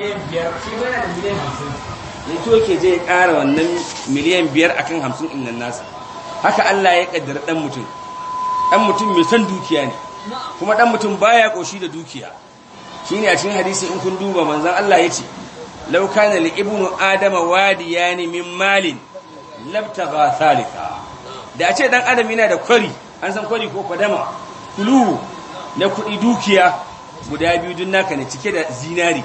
miliyan ke je ya wannan miliyan biyar akan hamsin inda nasa haka Allah ya kaddara dan mutum dan mutum mai son dukiya ne kuma dan mutum baya ƙoshi da dukiya shi ne a cikin hadisi in kun duba manzon Allah ya ce lauka kana li ibnu adama wadiyani min malin labtagha salika da a ce dan adam yana da kwari an san kwari ko kwadama kulu na kuɗi dukiya guda biyu dun naka ne cike da zinari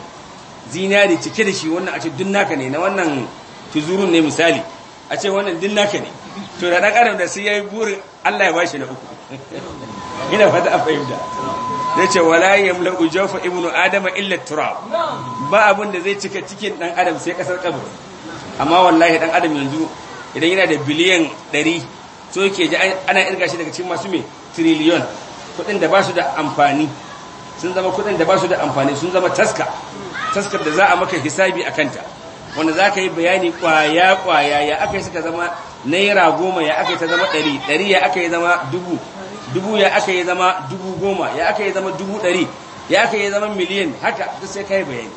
zinari cike da shi wannan a ce duk naka ne na wannan tuzurun ne misali a ce wannan duk naka ne to da dan da sai yi burin Allah ya shi na uku ina fata a fahimta ce wala yamla'u ujofa ibnu adama illa tura ba abin da zai cika cikin dan adam sai kasar kabur amma wallahi dan adam yanzu idan yana da biliyan 100 so yake ji ana irga shi daga cikin masu mai triliyon kudin da ba su da amfani sun zama kudin da ba su da amfani sun zama taska taskar da za a maka hisabi a kanta wanda za ka yi bayani kwaya kwaya ya aka yi suka zama naira goma ya aka yi ta zama ɗari ɗari ya aka yi zama dubu dubu ya aka yi zama dubu goma ya aka yi zama dubu ɗari ya aka yi zama miliyan haka duk sai ka yi bayani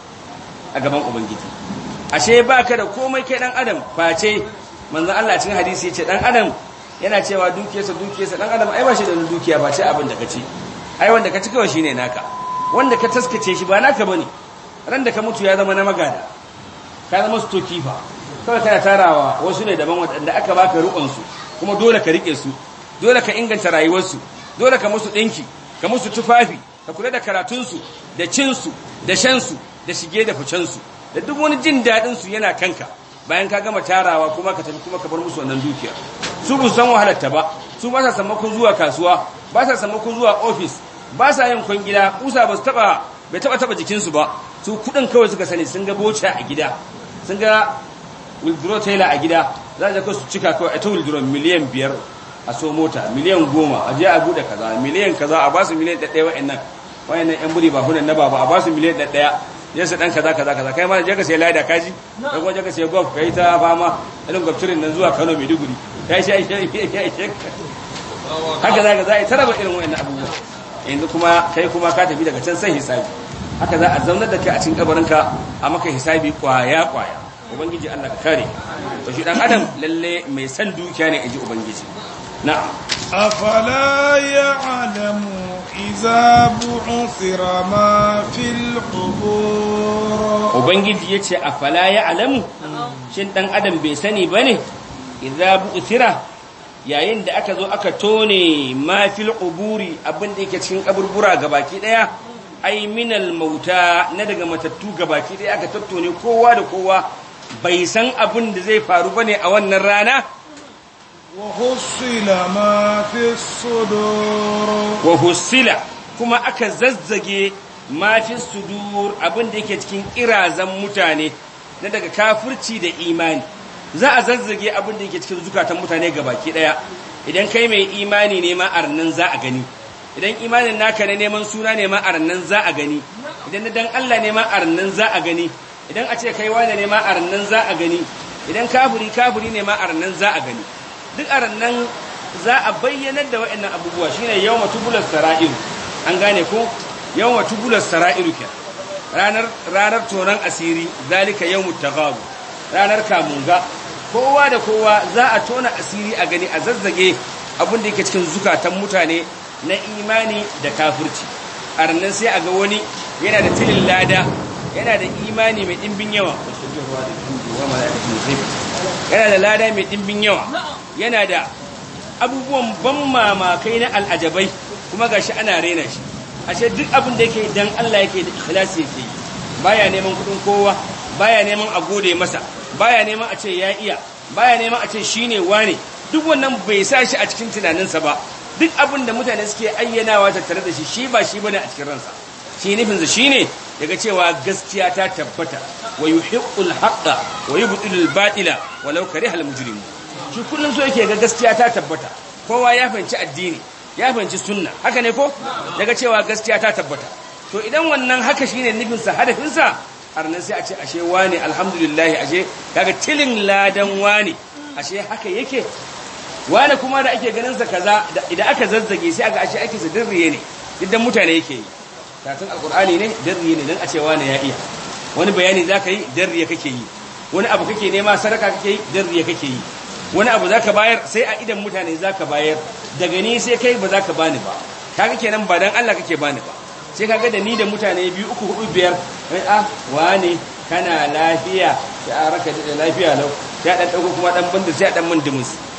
a gaban ubangiji ashe ba ka da komai kai ɗan adam face manzan Allah cikin hadisi ya ce ɗan adam yana cewa dukiyarsa dukiyarsa ɗan adam ai ba shi da dukiya ba ce abin da ka ci ai wanda ka ci kawai shine naka wanda ka taskace shi ba naka bane ran da ka mutu ya zama na magada ka zama su toki kawai kana tarawa wasu ne daban wadanda aka baka rukunsu kuma dole ka riƙe su dole ka inganta rayuwarsu dole ka musu ɗinki ka musu tufafi ka kula da karatunsu da cinsu da shansu da shige da ficensu da duk wani jin su yana kanka bayan ka gama tarawa kuma ka tafi kuma ka bar musu wannan dukiya su ba san wahalarta ba su ba sa sammakon zuwa kasuwa ba sa sammakon zuwa ofis ba sa yin kwangila kusa ba su taba bai taba taba jikinsu ba su kudin kawai suka sani sun ga bocha a gida sun ga wildro taylor a gida za jaka su cika kawai a ta wildro miliyan biyar a so mota miliyan goma a je a bude kaza miliyan kaza a basu miliyan ɗaɗɗaya wa'annan wa'annan yan buri ba hunan na baba a basu miliyan ɗaɗɗaya ya su ɗan kaza kaza kaza kai ma je ka sai lada kaji kai kuma je ka sai golf kai ta fama irin gwabtirin nan zuwa kano maiduguri ya yi ya shi haka za ka za a yi ba irin wa'annan abubuwa yanzu kuma kai kuma ka tafi daga can san hisabi haka za a zaunar da ke a cikin kabarinka a maka hisabi kwaya kwaya ubangiji Allah ka kare to shi dan adam lalle mai san dukiya ne aji ubangiji na'am afala ya'lamu idza bu'thira ma fil qubur ubangiji yace afala ya'lamu shin dan adam bai sani bane idza bu'thira yayin da aka zo aka tone ma fil quburi abin da yake cikin kaburbura gabaki daya ai minal mauta na daga matattu gabaki dai aka tattone kowa da kowa bai san abin da zai faru bane a wannan rana wa husila ma fi sudur wa husila kuma aka zazzage ma fi sudur abin da yake cikin ƙirazan mutane na daga kafirci da imani za a zazzage abin da yake cikin zukatan mutane gabaki daya idan kai mai imani ne ma arnin za a gani idan imanin naka ne neman suna neman arannan za a gani idan na dan Allah neman arannan za a gani idan a ce kai wane neman arannan za a gani idan kafiri kafiri neman arannan za a gani duk arannan za a bayyanar da waɗannan abubuwa shine yawma tubulas sara'ir an gane ko yawma tubulas sara'ir ke ranar ranar tonan asiri zalika yawmut taghabu ranar kamunga kowa da kowa za a tona asiri a gani a zazzage abin da yake cikin zukatan mutane na imani da kafirci a rannan sai a ga wani yana da tilin lada yana da imani mai ɗimbin yawa yana da lada mai ɗimbin yawa yana da abubuwan ban mamakai na al'ajabai kuma ga shi ana rena shi ashe duk abin da yake dan Allah yake da ikhlasi yake yi baya neman kudin kowa baya neman a gode masa baya neman a ce ya iya baya neman a ce shine wane duk wannan bai sa shi a cikin tunaninsa ba duk abin da mutane suke ayyanawa tattare da shi shi ba shi bane a cikin ransa shi nufinsa shine daga cewa gaskiya ta tabbata wa yuhiqqul haqqa wa yubtilul batila walau karihal mujrimun shi kullum so yake ga gaskiya ta tabbata kowa ya fahimci addini ya fahimci sunna haka ne ko daga cewa gaskiya ta tabbata to idan wannan haka shine nufinsa hadafinsa har na sai a ce ashe wani alhamdulillah ashe kaga tilin ladan wani ashe haka yake wani kuma da ake ganin sa kaza idan aka zazzage sai aka ashe ake sa dirriye ne idan mutane yake yi karatun alkur'ani ne dirriye ne dan a ce wani ya iya wani bayani zaka yi dirriye kake yi wani abu kake nema sadaka kake yi dirriye kake yi wani abu zaka bayar sai a idan mutane zaka bayar daga ni sai kai ba zaka bani ba kaga kenan ba dan Allah kake bani ba sai kaga da ni da mutane biyu uku hudu biyar ah wani kana lafiya ya raka da lafiya lau ya dan dauko kuma dan banda sai dan mun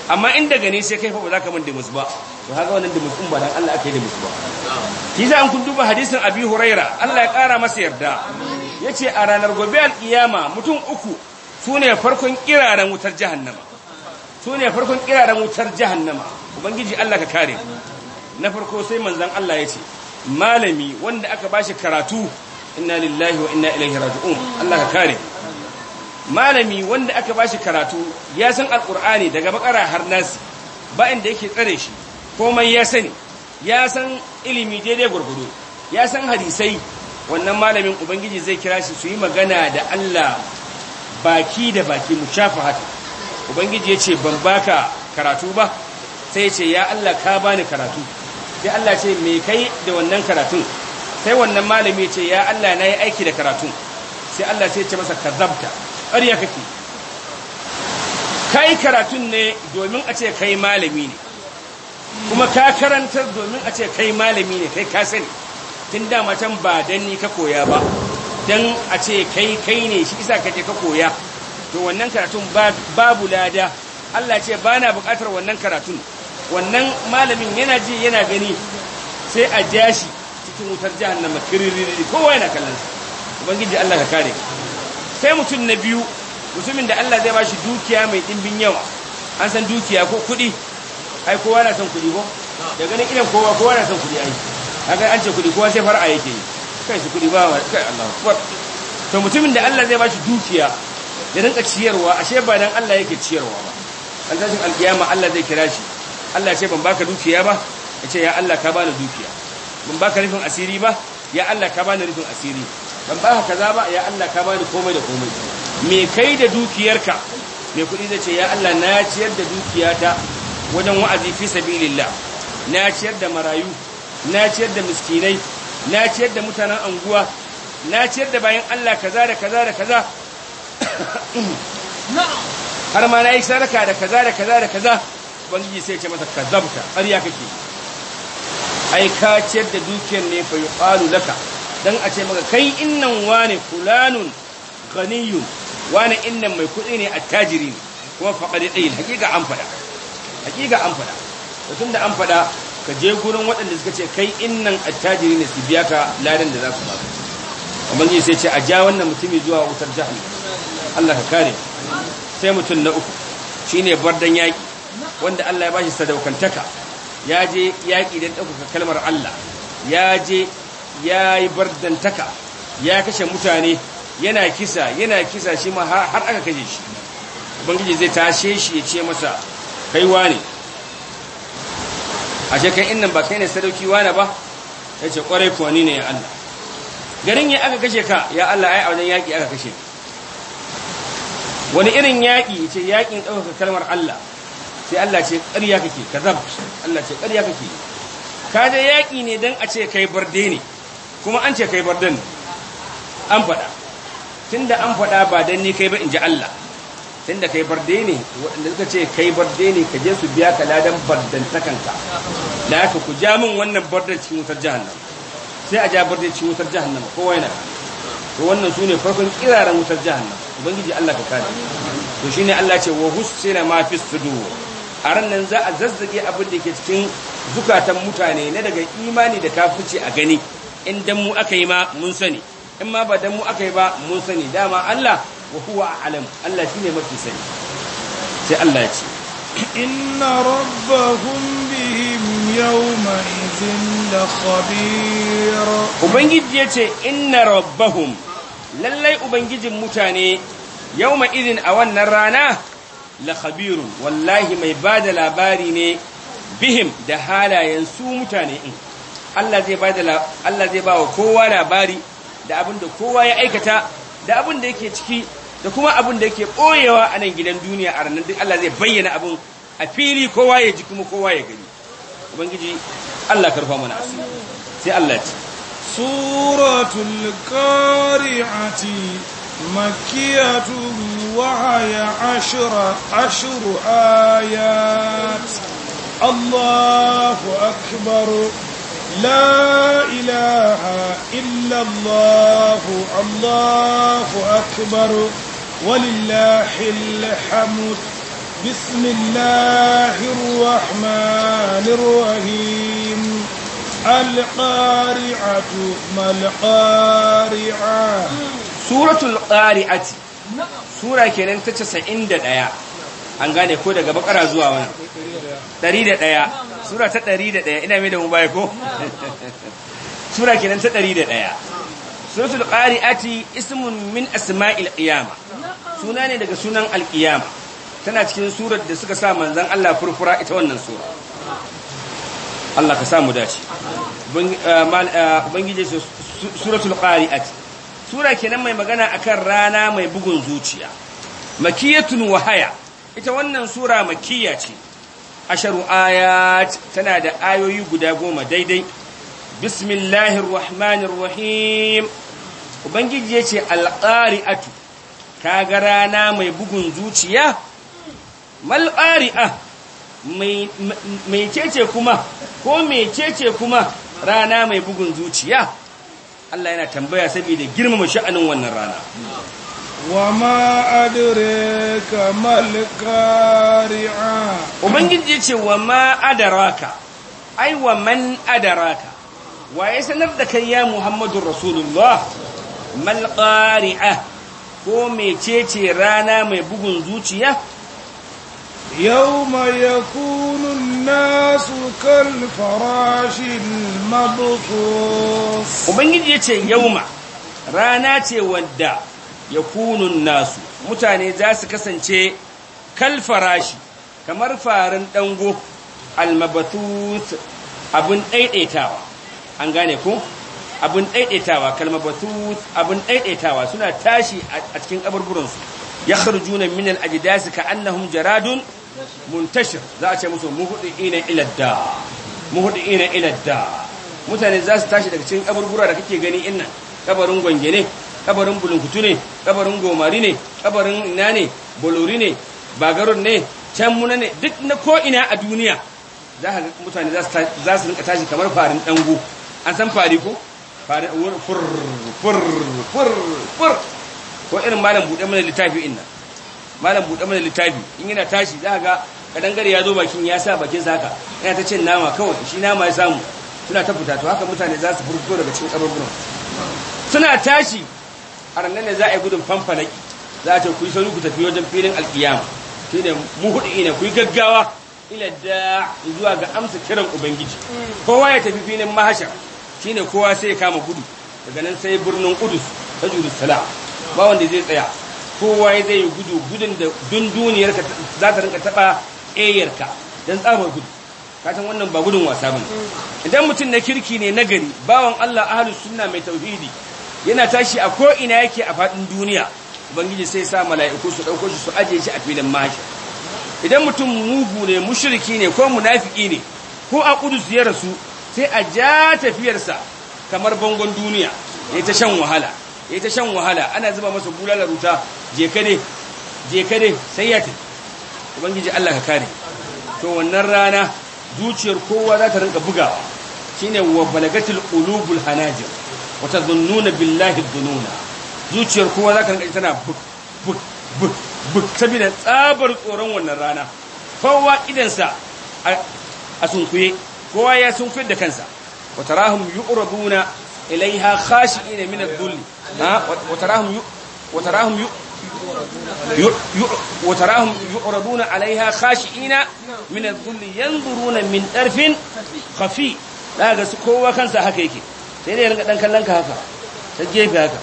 amma in daga sai kai fa ba za ka mande musu ba to haka wannan da musu ba dan Allah aka yi musu ba za an kun duba hadisin Abi Huraira Allah ya kara masa yarda yace a ranar gobe al'iyama mutum uku sune farkon kiraren wutar jahannama sune farkon kiraren wutar jahannama ubangiji Allah ka kare na farko sai manzon Allah yace malami wanda aka bashi karatu inna lillahi wa inna ilaihi raji'un Allah ka kare malami wanda aka bashi karatu ya san alkur'ani daga bakara har nasi ba inda yake tsare shi komai ya sani ya san ilimi daidai gurgudu ya san hadisai wannan malamin ubangiji zai kira shi su yi magana da Allah baki da baki mu shafa haka ubangiji ya ce ban baka karatu ba sai ya ce ya Allah ka bani karatu sai Allah ce me kai da wannan karatun sai wannan malami ya ce ya Allah na yi aiki da karatun sai Allah sai ya ce masa kazabta ƙarya kake kai karatun ne domin a ce kai malami ne kuma ka karantar domin a ce kai malami ne kai ka sani tun dama can ba don ni ka koya ba dan a ce kai kai ne shi isa kake ka koya to wannan karatun babu lada Allah ce ba na buƙatar wannan karatun wannan malamin yana ji yana gani sai a ja shi cikin wutar na makiririri kowa yana kallon ubangiji Allah ka kare ka sai mutum na biyu mutumin da Allah zai bashi dukiya mai dimbin yawa an san dukiya ko kuɗi ai kowa na san kuɗi ko da ganin idan kowa kowa na san kuɗi ai kai an ce kuɗi kowa sai far'a yake yi kai shi kuɗi ba kai Allah akbar to mutumin da Allah zai bashi dukiya ya rinka ciyarwa ashe ba dan Allah yake ciyarwa ba an san tashin alkiyama Allah zai kira shi Allah ce ban baka dukiya ba ya ce ya Allah ka bani dukiya ban baka rufin asiri ba ya Allah ka bani rufin asiri ban ba kaza ba ya Allah ka bani komai da komai me kai da dukiyarka me kuɗi da ce ya Allah na ciyar da dukiyata wajen wa'azi fi sabilillah na ciyar da marayu na ciyar da miskinai na ciyar da mutanen anguwa na ciyar da bayan Allah kaza da kaza da kaza har ma na yi sadaka da kaza da kaza da kaza ubangiji sai ya ce masa kazabta ƙarya kake ai ka ciyar da dukiyar ne fa yuqalu laka don a ce maka kai innan wani fulanun ganiyun wani innan mai kuɗi ne a ne kuma faɗaɗe ɗayin haƙiƙa an faɗa haƙiƙa an faɗa da tun da an faɗa ka je gurin waɗanda suka ce kai innan attajiri ne su biya ka ladan da za su baka ubangiji sai ce a ja wannan mutumi zuwa wutar jahannam Allah ka kare sai mutum na uku shine bardan yaki wanda Allah ya bashi sadaukantaka ya je yaki don ɗaukaka kalmar Allah ya je ya yi bardantaka ya kashe mutane yana kisa yana kisa shi ma har aka kashe shi ubangiji zai tashe shi ya ce masa kaiwa ne a shekai innan ba kai ne sadauki wane ba ya ce kwarai kuwa ni ne ya Allah garin ya aka kashe ka ya Allah ai a wajen yaƙi aka kashe wani irin yaƙi ce yaƙin ɗaukaka kalmar Allah sai Allah ce ƙarya kake ka zabt Allah ce ƙarya kake ka je yaƙi ne don a ce kai barde ne kuma an ce kai bardan an faɗa tunda an faɗa ba dan ni kai ba in ji Allah tunda kai barde ne waɗanda suka ce kai barde ne ka je su biya ka ladan kanka da haka ku ja min wannan bardan cikin wutar jahannam sai a ja bardan cikin wutar jahannam kowa na to wannan sune farkon kiraren wutar jahannam ubangiji Allah ka kare to shine Allah ce wa husina ma fi sudur a ran nan za a zazzage abin da ke cikin zukatan mutane na daga imani da fice a gani in dan mu aka yi ma mun sani in ma ba dan mu aka yi ba mun sani dama Allah wa huwa a'lam Allah shine mafi sani sai Allah ya ce inna rabbahum bihim yawma idhin khabir ubangiji ya ce inna rabbahum lallai ubangijin mutane yawma idhin a wannan rana lakhabirun wallahi mai bada labari ne bihim da halayen su mutane in Allah zai ba da Allah zai ba wa kowa labari da abin da kowa ya aikata da abin da yake ciki da kuma abin da yake boyewa a nan gidan duniya a ranar duk Allah zai bayyana abin a fili kowa ya ji kuma kowa ya gani ubangiji Allah karfa mana asiri sai Allah ce suratul qari'ati makkiyatun wa ya ashra ashru ayat Allahu akbar لا إله إلا الله الله أكبر ولله الحمد بسم الله الرحمن الرحيم القارعة ما القارعة سورة القارعة سورة كنان تتسعين دايا an gane ko daga bakara zuwa wannan ɗari da ɗaya sura ta ɗari da ɗaya ina mai da mu baya ko sura kenan ta ɗari da ɗaya suratul ati ismun min asma'il qiyama suna ne daga sunan alqiyama tana cikin surar da suka sa manzon Allah furfura ita wannan sura Allah ka samu dace eh, eh, ubangiji suratul ati sura kenan mai magana akan rana mai bugun zuciya makiyatun wahaya ita wannan sura makiyya ce asharu ayat tana da ayoyi guda goma daidai bismillahir rahmanir rahim ubangiji yace, alqari'atu alƙari'atu ka ga rana mai bugun zuciya malƙari'a mai mecece kuma ko mai kuma rana mai bugun zuciya Allah yana tambaya saboda girmama sha'anin wannan rana وما أدريك ما القارعة وبنجد يتي وما أدراك أي ومن أدراك ويسنفدك يا محمد رسول الله ما القارعة كومي تيتي رانا مي بغن زوتيا يوم يكون الناس كالفراش المبطوس وبنجد يتي يوم رانا تي ودا Ya yakunun nasu mutane za su kasance kal farashi kamar farin dango almabathut abin ɗaiɗaitawa. an gane ku abin ɗaiɗaitawa kalmabathut abin ɗaiɗaitawa suna tashi a cikin kaburburan su yakhrujuna min ka annahun jaradun muntashir za a ce musu muhdiina ila da muhdiina ila da mutane za su tashi daga cikin kaburbura da kake gani innan ƙabarin gwangene kabarin bulunkutu ne kabarin gomari ne kabarin ina ne bolori ne bagarun ne can muna ne duk na ko ina a duniya za ka mutane za su rinka tashi kamar farin dango an san fari ko farin fur fur fur fur ko irin malam buɗe mana littafi inna malam buɗe mana littafi in yana tashi za ga kadangare ya zo bakin ya sa bakin saka yana ta cin nama kawai shi nama ya samu suna ta fita to haka mutane za su furto daga cikin kaburburan suna tashi a ranar ne za a yi gudun fanfanaki za a ce ku yi sauri ku tafi wajen filin alkiyama shi ne hudu ina ku yi gaggawa ila da zuwa ga amsa kiran ubangiji mm. kowa ya tafi filin mahashar shi ne kowa sai ya kama gudu daga nan sai birnin kudus ta jerusalem ba wanda zai tsaya kowa zai yi gudu gudun da dunduniyar ka za ta rinka taba eyarka don tsamar gudu kasan wannan ba gudun wasa bane mm. idan mutum na kirki ne nagari gari bawan Allah ahlus sunna mai tauhidi yana tashi a koina yake a faɗin duniya ubangiji sai sa mala'iku su ɗauko shi su ajiye shi a filin mashi idan mutum mugu ne mushiriki ne ko munafiki ne ko a kudus ya rasu sai a ja tafiyarsa kamar bangon duniya ya ta shan wahala ya ta shan wahala ana zuba masa bulalar ruta je ka ne je ka sai ya ta ubangiji Allah ka kare to wannan rana zuciyar kowa za ta rinka bugawa shine wa balagatul hanajir wata zunnuna billahi dununa zuciyar kowa za ka rinka tana buk buk buk buk tsabar tsoron wannan rana kowa idansa a sunkuye kowa ya sunkuyar da kansa wa yi yu'raduna ilaiha khashi'ina min adh-dhulli wa tarahum wa tarahum وتراهم يعرضون عليها kowa kansa haka yake sai dai rinka dan kallon ka haka ta gefe haka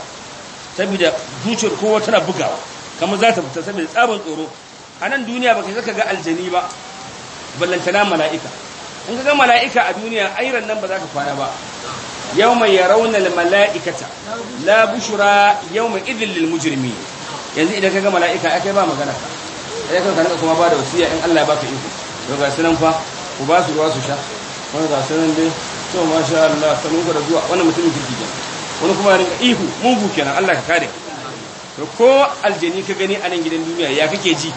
saboda zuciyar kowa tana bugawa kamar za ta fita saboda tsabar tsoro a nan duniya baka zaka ga aljani ba ballantana mala'ika in ka ga mala'ika a duniya airan nan ba za ka kwana ba yawma yarawna almala'ikata la bushra yawma idhil lil yanzu idan ka ga mala'ika akai ba magana ka sai ka kanka kuma ba da wasiya in Allah ya baka iko to ga sunan fa ku ba su ruwa su sha wani ga sunan dai to masha Allah sanin da zuwa wannan mutumin kirki wani kuma ya rinka ihu mugu kenan Allah ka kare ko aljani ka gani a nan gidan duniya ya kake ji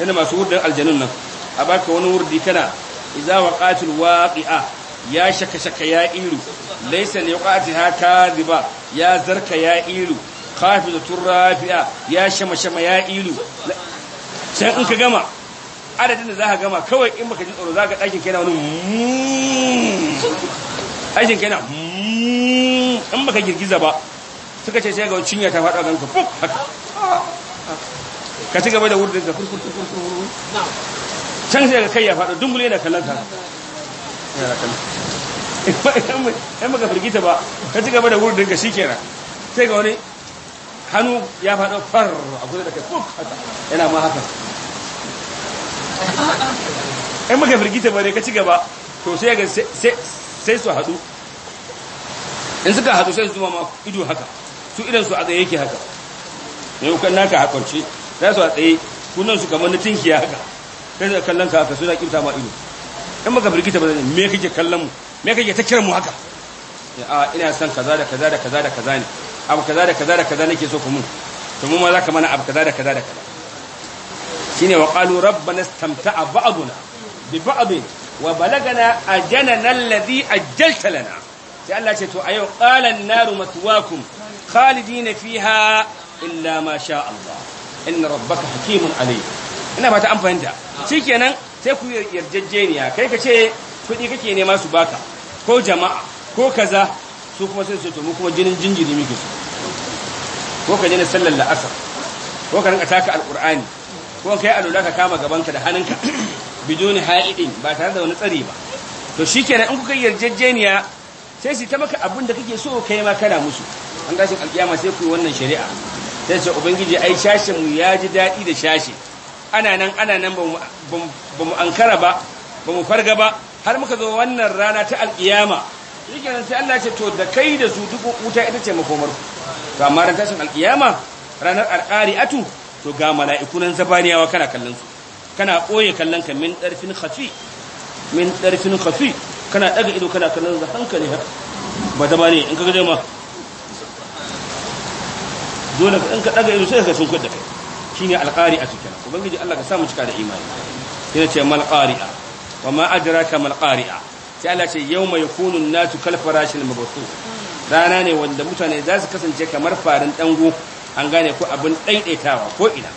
yana masu wurdan aljanun nan a baka wani wurdi kana idza waqatil waqi'a ya shaka shaka ya iru laysa ya kati kadiba ya zarka ya iru khafidatur rafi'a ya shama shama ya iru sai in ka gama adadin da za ka gama kawai in baka ji tsoro za ka mm. ɗakin kai na wani mm. ɗakin kai na in baka girgiza ba suka ce sai ga cinya ta faɗa ganka fuk ka ci gaba da wurin da can sai ga kai ya faɗa dumbule yana kallon ka in baka firgita ba ka ci gaba da wurin ka shi kenan sai ga wani hannu ya faɗa far a kusa da kai fuk yana ma haka in maka firgita ba ne ka ci gaba to sai ga sai su haɗu in suka haɗu sai su zuma ma ido haka su idan su a tsaye yake haka ne kukan naka ka kwance za su a tsaye kunan su kamar na tinkiya haka sai su kallon ka haka suna kimta ma ido in maka firgita ba ne me kake kallon mu me kake ta kiran mu haka a ina son kaza da kaza da kaza da kaza ne abu kaza da kaza da kaza nake so ku mun to mu ma za ka mana abu kaza da kaza da kaza shine wa qalu rabbana istamta'a ba'duna bi ba'din wa balagana ajanana alladhi ajjalta lana sai Allah ce to ayo qala an-naru matwaakum khalidina fiha illa ma sha Allah inna rabbaka hakimun alim ina fata an fahimta shikenan sai ku yarjejeniya kai ka ce kudi kake nema su baka ko jama'a ko kaza su kuma sai su to mu kuma jinin jinjiri muke so ko ka jina sallar la'asar ko ka rinka taka alqur'ani ko kai alula ka kama gabanka da hannunka biduni ha'idin ba tare da wani tsari ba to shikenan in kuka yarjejeniya sai su ta maka abin da kake so kai ma kana musu an gashin alkiyama sai ku yi wannan shari'a sai ce ubangiji ai shashin mu ya ji daɗi da sashe ana nan ana nan ba mu ankara ba ba mu farga ba har muka zo wannan rana ta alkiyama shikenan sai Allah ce to da kai da su duk wuta ita ce makomar to amma ran tashin alkiyama ranar atu. to ga mala'ikunan zabaniyawa kana kallon su kana ɓoye kallon ka min ɗarfin khafi min ɗarfin khafi kana ɗaga ido kana kallon da hankali ha ba zama ne in ka gaje ma dole in ka ɗaga ido sai ka sun da kai shi ne shine a cikin ubangiji Allah ka samu cika da imani yana ce mal wa ma adraka mal qari'a sai Allah ce yawma yakunu an-nasu kal farashil mabthus rana ne wanda mutane za su kasance kamar farin dango an gane ko abin ɗaiɗaitawa ko ina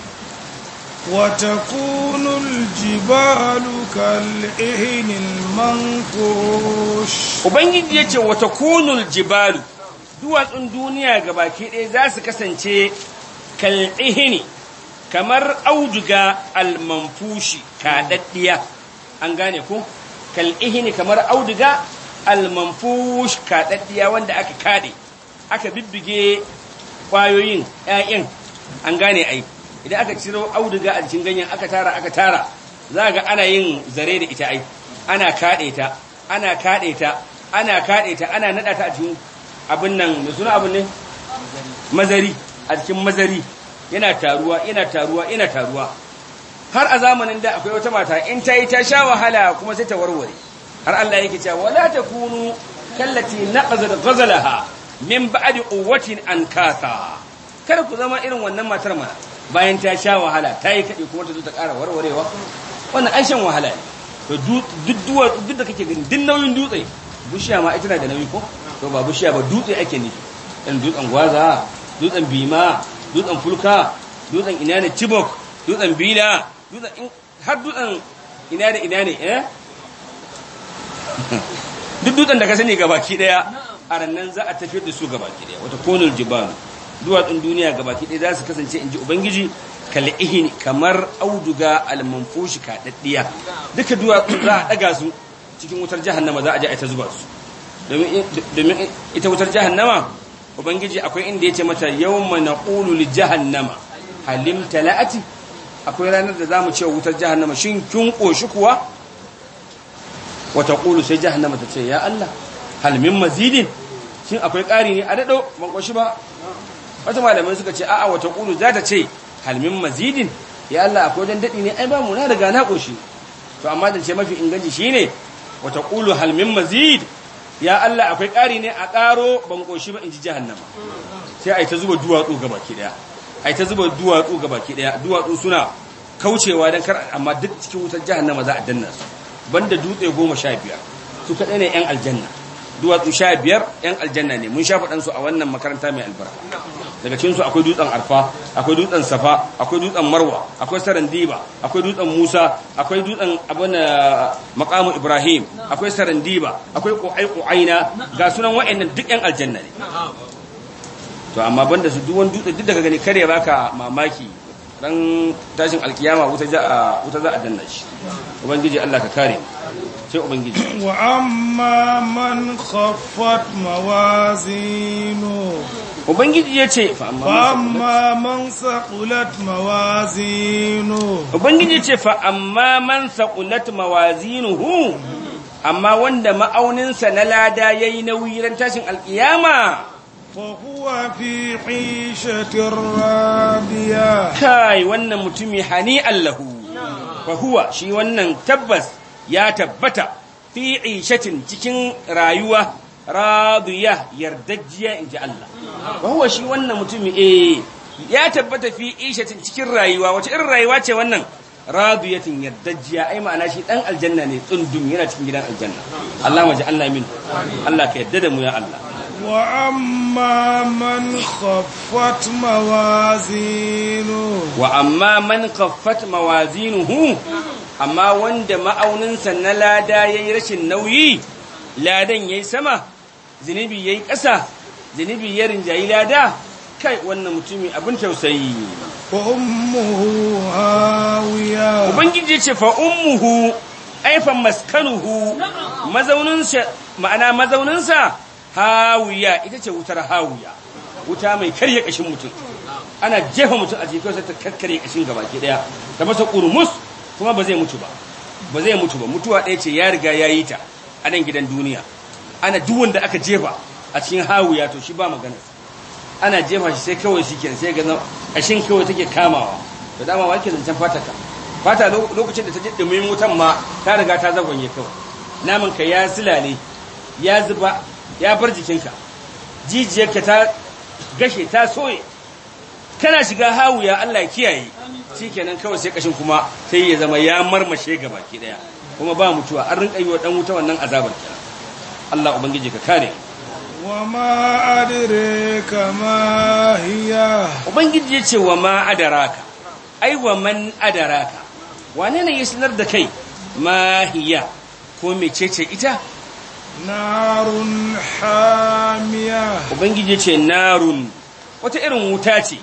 وتكون الجبال كالعهن mankosh ubangiji yace watakunu aljibalu duwatsun duniya baki ɗaya za su kasance kal'ihini kamar auduga almanfushi kaɗaɗɗiya an gane ku kal'ihini kamar auduga almanfush kaɗaɗɗiya wanda aka kaɗe aka bibbige kwayoyin ƴaƴan an gane ai idan aka ciro auduga a cikin ganyen aka tara aka tara za ga ana yin zare da ita ai ana kaɗe ta ana kaɗe ta ana kaɗe ta ana naɗa ta a cikin abin nan da suna abin ne mazari a cikin mazari yana taruwa yana taruwa yana taruwa har a zamanin da akwai wata mata in ta yi ta sha wahala kuma sai ta warware har Allah yake cewa wala takunu kallati naqzat ghazalaha min ba'di quwwatin kasa. kada ku zama irin wannan matar mana. bayan ta sha wahala ta yi kaɗe kuma ta zo ta ƙara warwarewa wannan an shan wahala ne to duk da kake gani duk nauyin dutse bushiya ma ita na da nauyi ko to ba bushiya ba dutse ake nufi ɗan dutsen gwaza dutsen bima dutsen fulka dutsen ina ne chibok dutsen bila dutsen har dutsen ina da ina ne eh duk dutsen da ka sani ga baki daya arannan za a tafiyar da su gabaki daya wata konul jibal duwatsun duniya gabaki daya za su kasance inji ubangiji kal'ihin kamar auduga almanfushi kaɗaɗɗiya duka duwatsun za a ɗaga su cikin wutar jahannama za a je a ta zuba su domin ita wutar jahannama ubangiji akwai inda ya ce mata yawma naqulu li jahannama halim tala'ati akwai ranar da zamu ce wutar jahannama shin kin koshi kuwa wa taqulu sai jahannama ta ce ya Allah hal min mazidin shin akwai ƙari ne a daɗo ban ba wata malamai suka ce a'a wata ƙulu za ta ce halmin mazidin ya Allah akwai wajen daɗi ne ai ba mu na daga na ƙoshi to amma da ce mafi inganci shine wata ƙulu halmin mazid ya Allah akwai ƙari ne a ƙaro ban ƙoshi ba in ji jahannama sai yi ta zuba duwatsu ga baki ɗaya yi ta zuba duwatsu ga baki ɗaya duwatsu suna kaucewa dan kar amma duk cikin wutar jahannama za a danna su banda dutse goma sha biyar su kaɗai ne 'yan aljanna duwatsu sha biyar yan aljanna ne mun sha faɗansu a wannan makaranta mai albarka daga su akwai dutsen arfa akwai dutsen safa akwai dutsen marwa akwai diba akwai dutsen musa akwai dutsen abin eh, makamu ibrahim akwai diba akwai ƙo'ai ƙo'aina ga sunan wa'annan duk yan aljanna ne to amma banda su duk wani dutse duk daga gani kare baka mamaki dan tashin alkiyama wuta za a wuta za a danna shi ubangiji Allah ka kare sai ubangiji wa amma man khaffat mawazinu ubangiji yace fa amma man saqulat mawazinu ubangiji yace fa amma man saqulat mawazinuhu amma wanda ma'auninsa na lada yayi nauyi ran tashin alkiyama فهو في عيشة راضية كاي وانا متمي هنيئا له فهو شي وانا تبس يا تبتا في عيشة تكن رايوة راضية يردجية إن جاء الله وهو شي وانا متمي إيه يا تبتا في عيشة تكن رايوة وتكن رايوة وانا radiyatin yardajjiya ai ma'ana shi dan aljanna ne tsundum yana cikin gidan aljanna Allah maji Allah min Allah ka yarda da mu ya Allah وأما من خفت موازينه وأما amma wanda موازينه أما na Lada ya yi rashin nauyi, ladan yayi sama Zinibi ya yi ƙasa Zinibi ya rinjayi lada kai wannan mutumi abin tausayi fa ummuhu ubangiji ce fa aifan maskanuhu mazauninsa ma'ana mazauninsa hawiya ita ce wutar hawiya wuta mai karya kashin mutum ana jefa mutum a jikin sai ta karkare kashin gaba ki daya ta masa kurmus kuma ba zai mutu ba ba zai mutu ba mutuwa ɗaya ce ya riga ya yi ta a nan gidan duniya ana duk wanda aka jefa a cikin hawiya to shi ba magana ana jefa shi sai kawai shi kenan sai ga kashin kawai take kamawa da dama wake yake zancen fata ka fata lokacin da ta jiddi mai wutan ma ta riga ta zagonye kawai naman ka ya silale ya zuba ya bar jikinka jijiyarka ta gashe ta soye kana shiga hawuya Allah kiyaye shikenan kawai sai kashin kuma sai ya zama ya marmashe ga baki daya kuma ba mutuwa an rinka yi wa dan wuta wannan azabar Allah ubangiji ka kare wa ma adire kama hiya ubangiji yace wa ma adaraka ai wa man adaraka wane ne ya sanar da kai ma hiya ko mecece ita narun hamiya ubangiji ce narun wata irin wuta ce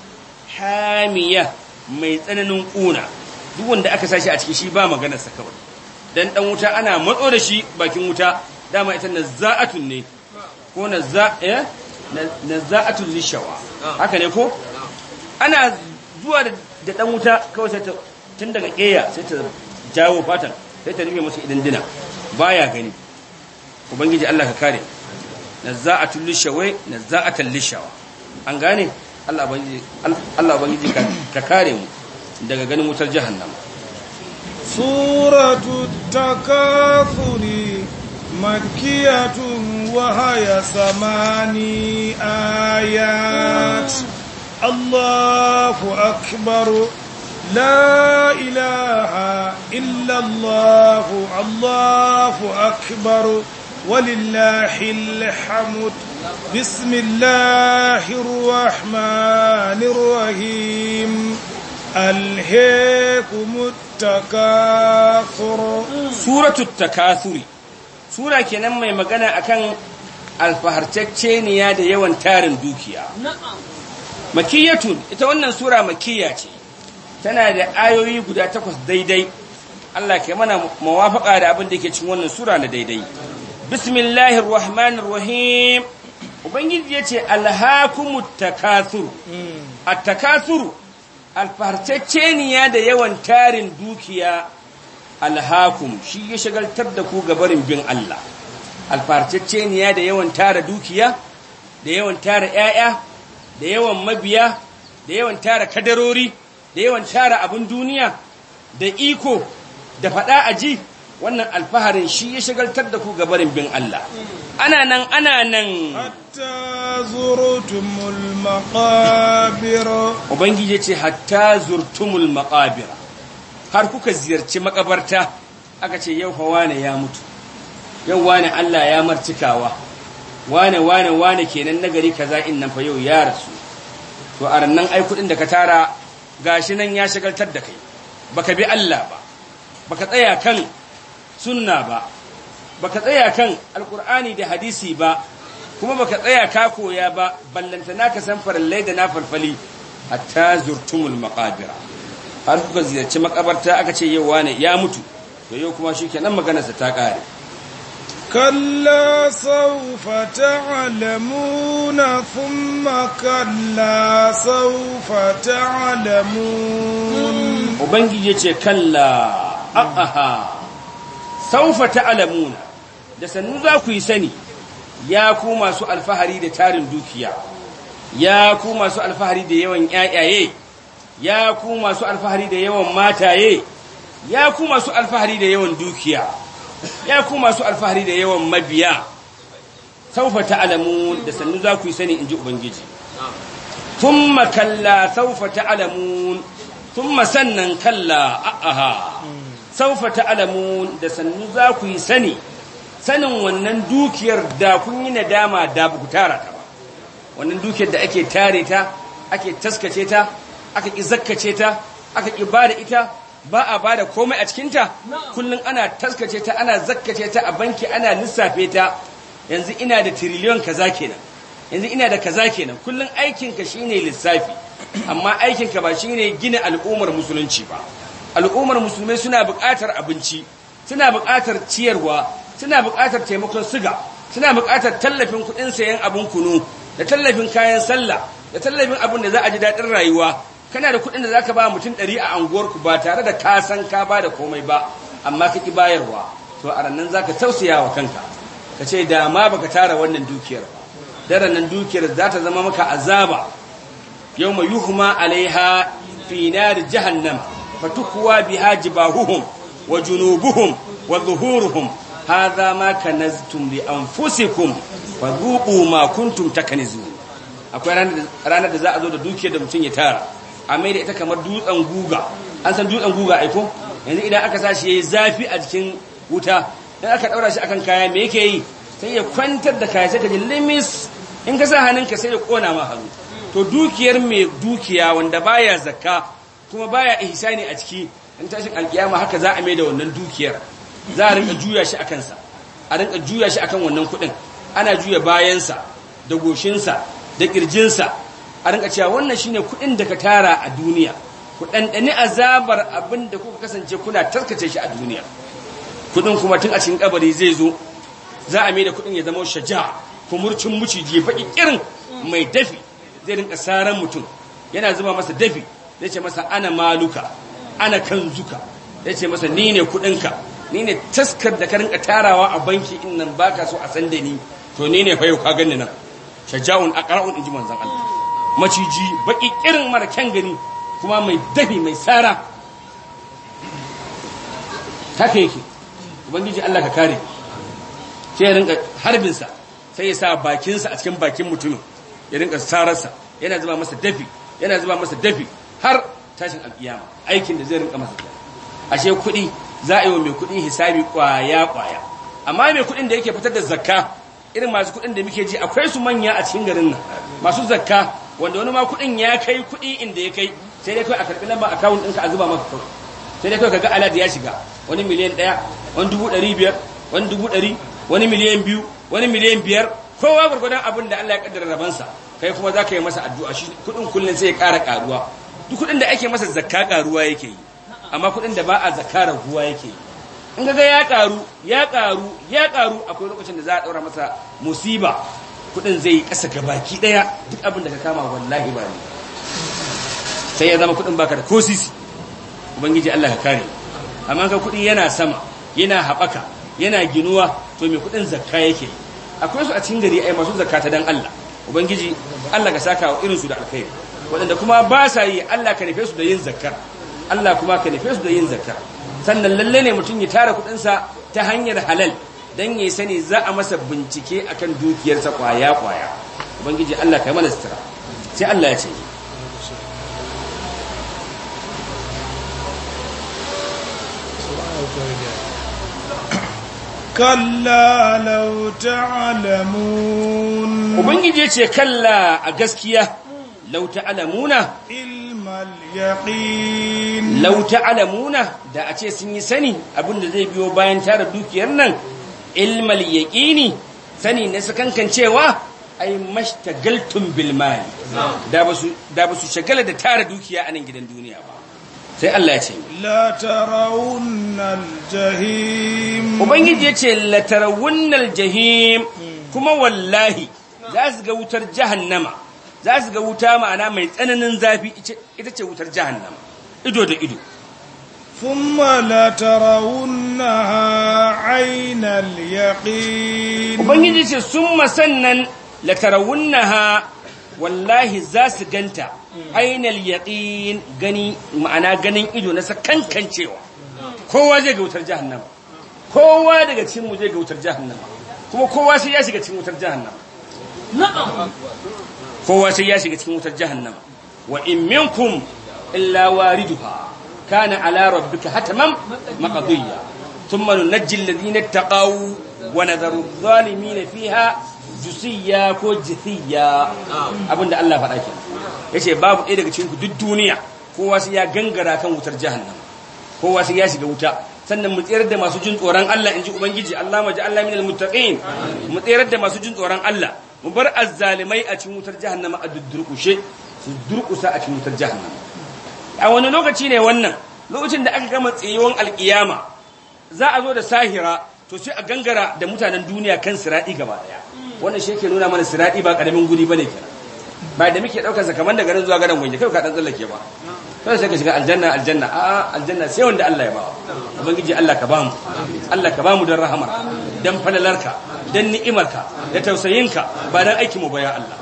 hamiya mai tsananin kuna duk wanda aka sashi a cikin shi ba maganar sa kawai dan dan wuta ana matso da shi bakin wuta dama ita nazza'atun ne ko nazza eh lishawa haka ne ko ana zuwa da dan wuta kawai sai ta tun daga keya sai ta jawo fatan sai ta rufe masa idan dina baya gani ubangiji Allah ka kare na za a nazza'atul lishawai nazza'atul lishawa an gane Allah ubangiji Allah ka kare mu daga ganin wutar jahannama Suratu ta kafuri, makiyatun wahaya samani ayat Allahu akbaru. لا إله إلا الله الله أكبر ولله الحمد بسم الله الرحمن الرحيم ألهيكم التكاثر سورة التكاثر سورة كنما يمغنى أكان alfaharcacceniya da yawan tarin dukiya. Makiyatu ita wannan sura makiyya ce, tana da ayoyi guda takwas daidai, Allah ke mana mawafaka da abin da ke cin wannan sura na daidai. bismillahir rahmanir rahim ubangiji yace alhaakumut takathur hmm. at-takathur alfartacceniya da yawan tarin dukiya alhaakum shi ya shagaltar da ku gabarin bin Allah niya da yawan tara dukiya da yawan tara ƴaƴa da yawan mabiya da yawan tara kadarori da yawan tara abun duniya da iko da fada aji wannan alfaharin shi ya shagaltar da ku ga barin bin Allah ana nan ana nan hatta zurtumul maqabir ubangiji ya ce hatta zurtumul maqabir har kuka ziyarci makabarta aka ce yau wane ya mutu yau wane Allah ya martikawa wane wane wane kenan nagari kaza in nan fa yau ya rasu to a rannan ai kudin da ka tara gashi nan ya shagaltar da kai baka bi Allah ba baka tsaya kan sunna ba baka tsaya kan alkur'ani da hadisi ba kuma baka tsaya ka koya ba ballanta naka san farallai da na farfali hatta zurtumul maqabira har kuka ziyarci makabarta aka ce yau wane ya mutu to yau kuma shikenan maganarsa ta kare kalla سوف تعلمون ثم كلا سوف تعلمون وبنجي يجي kalla a'aha saufa ta'lamuna da sannu za ku yi sani ya ku masu alfahari da tarin dukiya ya ku masu alfahari da yawan ƴaƴaye ya ku masu alfahari da yawan mataye ya ku masu alfahari da yawan dukiya ya ku masu alfahari da yawan mabiya saufa ta'lamun da sannu za ku yi sani inji ubangiji thumma kalla saufa ta'lamun thumma sannan kalla a'aha saufa alamu da sannu za ku yi sani sanin wannan dukiyar da kun yi nadama da ku tara ta ba wannan dukiyar da ake tare ta ake taskace ta aka ki zakkace ta aka ki bada ita ba a bada komai a cikin ta kullun ana taskace ta ana zakkace ta a banki ana lissafe ta yanzu ina da trillion kaza kenan yanzu ina da kaza kenan Kullum aikinka ka shine lissafi amma aikinka ka ba shine gina al'ummar musulunci ba al'ummar musulmai suna buƙatar abinci suna buƙatar ciyarwa suna buƙatar taimakon siga suna buƙatar tallafin kuɗin sayan abin kunu da tallafin kayan sallah da tallafin abin da za a ji daɗin rayuwa kana da kuɗin da za ka ba mutum ɗari a unguwarku ba tare da ka san ka ba da komai ba amma ka ƙi bayarwa to a ranar za ka tausaya wa kanka ka ce da ma ba ka tara wannan dukiyar da ranar dukiyar za ta zama maka azaba yau mai yuhuma alaiha fi da jahannama wa فتكوى بها جباههم وجنوبهم وظهورهم هذا ما كنزتم zuɓu فذوقوا ما كنتم تكنزون akwai ranar da za a zo da dukiyar da mutum ya tara a mai da ita kamar dutsen guga an san dutsen guga aiko yanzu idan aka sa shi ya yi zafi a jikin wuta idan aka ɗaura shi akan kaya me yake yi sai ya kwantar da kaya sai ka ji limis in ka sa hannunka sai ya kona ma hannu to dukiyar mai dukiya wanda baya zakka kuma baya ihsani a ciki in tashin alkiyama haka za a mai wannan dukiyar za a rinka juya shi a kansa a rinka juya shi akan wannan kudin ana juya bayansa da goshinsa da kirjinsa a rinka cewa wannan shine kudin da ka tara a duniya ku ɗanɗani azabar abin da kuka kasance kuna tarkace shi a duniya kudin kuma tun a cikin kabari zai zo za a mai da kudin ya zama shaja kumurcin muciji baki mai dafi zai rinka saran mutum yana zuba masa dafi zai ce masa ana maluka ana kanzuka zai ce masa ni ne kudinka ni ne taskar da ka rinka tarawa a banki in nan baka so a sanda ni to ni ne fa ka gani nan shaja'un in ji manzan Allah maciji baƙi kirin mara kyan gani kuma mai dafi mai tsara. haka yake ubangiji Allah ka kare sai ya rinka harbinsa sai ya sa bakinsa a cikin bakin mutumin ya rinka tsararsa yana zuba masa dafi yana zuba masa dafi har tashin alkiyama aikin da zai rinka masa ashe kuɗi za a yi wa mai kuɗin hisabi kwaya kwaya amma mai kuɗin da yake fitar da zakka irin masu kuɗin da muke ji akwai su manya a cikin garin nan masu zakka wanda wani ma kuɗin ya kai kuɗi inda ya kai sai dai kawai a karɓi lamba akawun ɗinka a zuba maka kawai sai dai kawai kaga alad ya shiga wani miliyan ɗaya wani dubu ɗari biyar wani dubu ɗari wani miliyan biyu wani miliyan biyar kowa gwargwadon abin da Allah ya kaddara rabansa kai kuma za ka yi masa addu'a shi kuɗin kullum sai ya ƙara ƙaruwa duk kuɗin da ake masa zakka ƙaruwa yake yi amma kuɗin da ba a zakka raguwa yake yi in ga ya karu ya karu ya karu akwai lokacin da za a ɗaura masa musiba kuɗin zai yi ƙasa ga baki ɗaya duk abin da ka kama wallahi ba ne sai ya zama kuɗin baka da kosisi. ubangiji Allah ka kare amma ka kuɗi yana sama yana haɓaka yana ginuwa to me kuɗin zakka yake akwai su a cikin gari ai masu zakka ta dan Allah ubangiji Allah ka saka wa su da alkhairi waɗanda kuma ba sa yi Allah ka nufe da yin zakka Allah kuma ka nufe da yin zakar sannan lalle ne mutum ya tara kuɗinsa ta hanyar halal don ya sani za a masa bincike a kan dukiyarsa kwaya kwaya ubangiji Allah ka mana sutura sai Allah ya ce kalla law ta'lamun ubangiji ya ce kalla a gaskiya لو تعلمون علم اليقين لو تعلمون da a ce sun yi sani abin da zai biyo bayan tara dukiyar nan ilm al sani ne su kankancewa ai mashtagaltum bil mali da basu da basu shagala da tara dukiya a nan gidan duniya ba sai Allah ya ce la tarawunnal jahim ubangiji ya ce la jahim kuma wallahi za su ga wutar jahannama za su ga wuta ma'ana mai tsananin zafi ita ce wutar jahannama ido da ido thumma la tarawunnaha aynal yaqin ubangiji ce summa sannan la tarawunnaha wallahi za su ganta ainal yaqin gani ma'ana ganin ido na sakankancewa kowa zai ga wutar jahannama kowa daga cikin mu zai ga wutar jahannama kuma kowa sai ya shiga cikin wutar jahannama na'am kowa sai ya shiga cikin wutar jahannama wa in minkum illa wariduha kana ala rabbika hataman maqdiya thumma nunajji alladhina ittaqaw wa nadharu adh-dhalimina fiha jusiya ko jithiya abinda Allah faɗa ke yace babu ɗaya daga cikin ku duk duniya kowa sai ya gangara kan wutar jahannama kowa sai ya shiga wuta sannan mu tsayar da masu jin tsoron Allah inji ubangiji Allah maji Allah minal muttaqin mu tsayar da masu jin tsoron Allah mu bar azzalimai a cikin wutar jahannama a durkushe su durkusa a cikin wutar jahannama a wani lokaci ne wannan lokacin da aka gama tsayuwan alkiyama za a zo da sahira to sai a gangara da mutanen duniya kan sirai gaba daya wannan shi yake nuna mana sira'i ba karamin guri bane kenan ba da muke daukar sa kamar da garin zuwa garin wanda kai ka dan tsallake ba sai sai ka shiga aljanna aljanna a aljanna sai wanda Allah ya bawa ubangiji Allah ka bamu Allah ka bamu don rahama don falalarka don ni'imarka da tausayinka ba don aiki mu ba ya Allah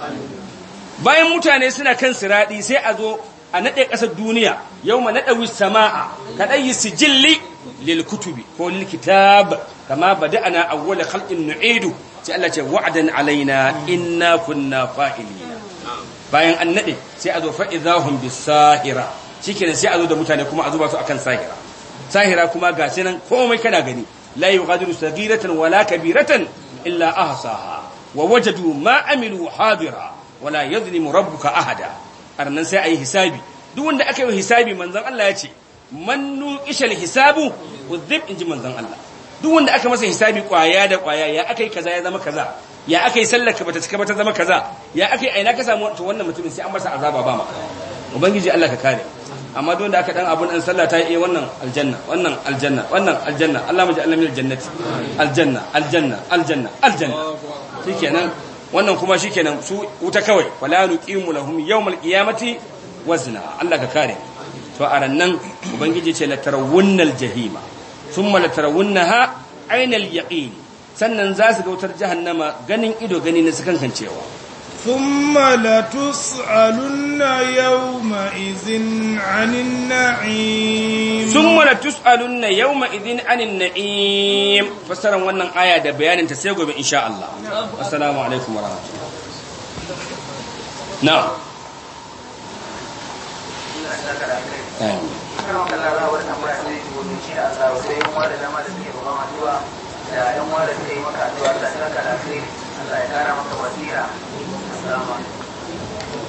bayan mutane suna kan siradi sai a zo a nade kasar duniya yawma nadawi samaa ka dai sijilli lil kutubi ko lil kitab kama bada'ana awwal khalqin nu'idu sai Allah ce wa'dan alaina inna kunna fa'ilina bayan an nade sai a zo fa idahum bisahira shikenan sai a zo da mutane kuma a zuba su akan sahira sahira kuma ga shi nan komai kana gani la yughadiru saghiratan wala kabiratan illa saha wa wajadu ma amilu hadira wala yadhlimu rabbuka ahada arnan sai yi hisabi duk wanda aka yi hisabi manzon Allah ya ce mannu ishal hisabu uzib inji manzon Allah duk wanda aka masa hisabi kwaya da kwaya ya akai kaza ya zama kaza ya akai sallaka bata cika bata zama kaza ya yi aina ka samu wannan mutumin sai an masa azaba ba ma ubangiji Allah ka kare amma don da aka dan abun an sallah ta yi eh wannan aljanna wannan aljanna wannan aljanna Allah maji Allah min aljannati aljanna aljanna aljanna aljanna shikenan wannan kuma shikenan su wuta kawai wala nuqimu lahum yawmal qiyamati wazna Allah ka kare to a rannan ubangiji ce la tarawunnal jahima thumma la tarawunnaha ainal yaqin sannan za su ga wutar jahannama ganin ido gani na sakankancewa Sun لتسألن يومئذ عن النعيم ثم لتسألن يومئذ عن Na'im. Fasaran wannan aya da bayanin ta sai gobe insha Allah assalamu alaikum wa rahmatullahi na'am da yan da maka da Allah ya kara maka wasira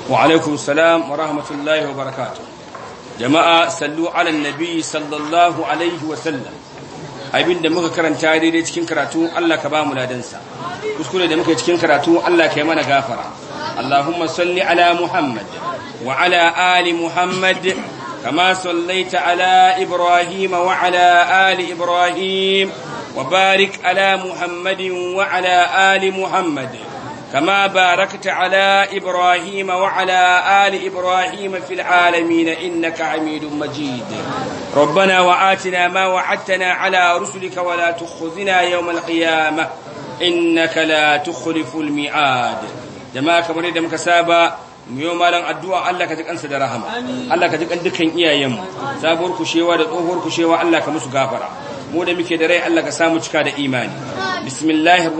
wa alaikum salam wa rahmatullahi wa barakatuh jama'a sallu ala nabi sallallahu alaihi wa sallam abinda muka karanta daidai cikin karatu Allah ka ba mu ladansa kuskure da muka cikin karatu Allah ka yi mana gafara Allahumma salli ala Muhammad wa ala ali Muhammad kama sallaita ala Ibrahim wa ala ali Ibrahim wa barik ala Muhammadin wa ala ali Muhammad كما باركت على إبراهيم وعلى آل إبراهيم في العالمين إنك عميد مجيد ربنا وآتنا ما وعدتنا على رسلك ولا تخذنا يوم القيامة إنك لا تخلف الميعاد جماعة كبرية دمك سابا yau malam addu'a Allah ka ji kansa da rahama Allah ka dukkan iyayenmu sabuwar kushewa da tsohuwar kushewa Allah ka musu gafara mu da muke da rai Allah ka samu cika da imani bismillahir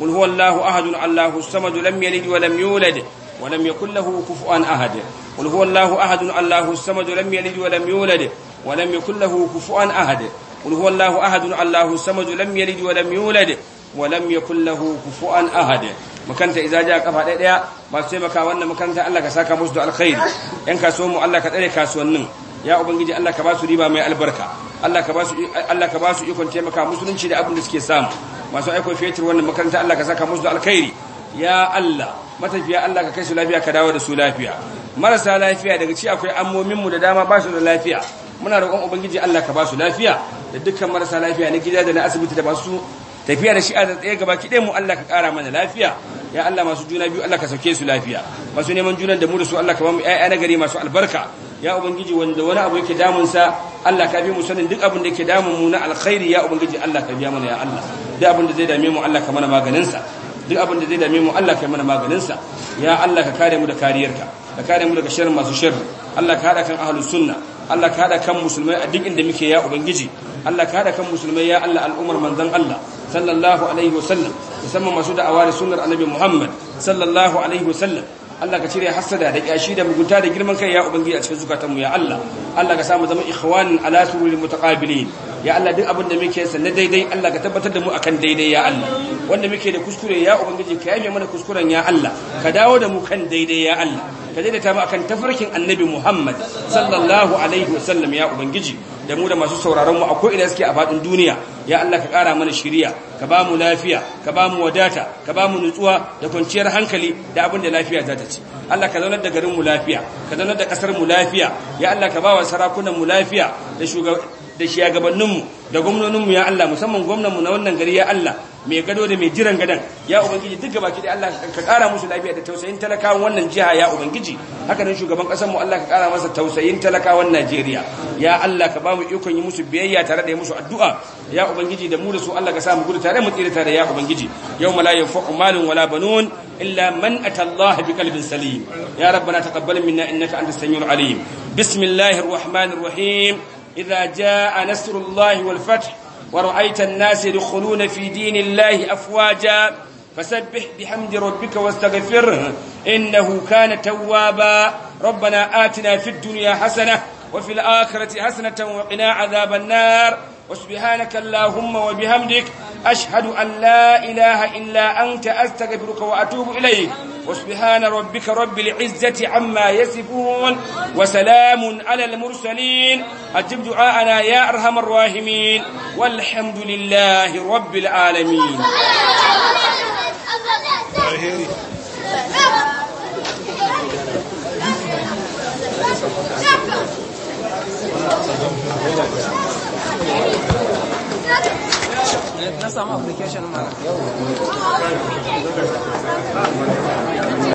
قل هو الله أحد الله الصمد لم يلد ولم يولد ولم يكن له كفوا أحد قل هو الله أحد الله الصمد لم يلد ولم يولد ولم يكن له كفوا أحد قل هو الله أحد الله الصمد لم يلد ولم يولد ولم يكن له كفوا أحد kafa ɗaya ɗaya ba su taimaka wannan makanta Allah ka musu da alkhairi yan kasuwar mu Allah ka tsare kasuwannin ya ubangiji Allah ka su riba mai albarka Allah ka ba su ikon taimaka musulunci da abin da suke samu masu aikon fetur wannan makaranta Allah ka saka musu da alkhairi ya Allah matafiya Allah ka kai su lafiya ka dawo da su lafiya marasa lafiya daga ci akwai ammominmu da dama ba su da lafiya muna roƙon ubangiji Allah ka ba su lafiya da dukkan marasa lafiya na gida da na asibiti da masu tafiya da a da tsaye gaba ki mu Allah ka ƙara mana lafiya ya Allah masu juna biyu Allah ka sauke su lafiya masu neman junan da mu da su Allah ka ba mu ƴaƴa na gari masu albarka ya ubangiji wanda wani abu yake damunsa Allah ka bi mu sanin duk abin da yake damun mu na alkhairi ya ubangiji Allah ka biya mana ya Allah duk abin da zai dame mu Allah ka mana maganin sa duk abin da zai dame mu Allah ka mana maganin sa ya Allah ka kare mu da kariyarka ka kare mu daga sharrin masu sharri Allah ka hada kan ahlus sunna Allah ka hada kan musulmai a duk inda muke ya ubangiji Allah ka hada kan musulmai ya Allah al'ummar manzon Allah sallallahu alaihi wasallam musamman masu da'awa da sunnar annabi Muhammad sallallahu alaihi wasallam Allah ka cire hasada da kyashi da mugunta da girman kai ya ubangiji a cikin zukatanmu ya Allah Allah ka samu zama ikhwanin ala sururil mutaqabilin ya Allah duk abin da muke sa na daidai Allah ka tabbatar da mu akan daidai ya Allah wanda muke da kuskure ya ubangiji ka yafe mana kuskuren ya Allah ka dawo da mu kan daidai ya Allah ka daidaita mu akan tafarkin annabi Muhammad sallallahu alaihi wasallam ya ubangiji da mu da masu sauraron mu akwai ina suke a faɗin duniya ya Allah ka kara mana shiriya ka ba mu lafiya ka ba mu wadata ka ba mu nutsuwa da kwanciyar hankali da abin da lafiya za ta ci Allah ka zaunar da garin mu lafiya ka zaunar da kasar mu lafiya ya Allah ka ba wa sarakunan mu lafiya da shugaban da shiyagabanninmu da gwamnoninmu ya Allah musamman gwamnanmu na wannan gari ya Allah mai gado da mai jiran gadan ya ubangiji duk gaba ki da Allah ka kara musu lafiya da tausayin talakawan wannan jiha ya ubangiji haka nan shugaban kasar mu Allah ka kara masa tausayin talakawan Najeriya ya Allah ka ba mu ikon yi musu biyayya tare da yi musu addu'a ya ubangiji da mu da su Allah ka sa mu gudu tare mu tsira tare ya ubangiji yau la yanfa'u malun wala banun illa man bi biqalbin salim ya rabbana taqabbal minna innaka antas samiul alim bismillahir rahmanir rahim idza jaa nasrullah wal fath ورأيت الناس يدخلون في دين الله أفواجا فسبح بحمد ربك واستغفره إنه كان توابا ربنا آتنا في الدنيا حسنة وفي الآخرة حسنة وقنا عذاب النار وسبحانك اللهم وبحمدك أشهد أن لا إله إلا أنت أستغفرك وأتوب إليك وسبحان ربك رب العزة عما يصفون وسلام على المرسلين أجب دعاءنا يا أرحم الراحمين والحمد لله رب العالمين Thank you. na samu application mana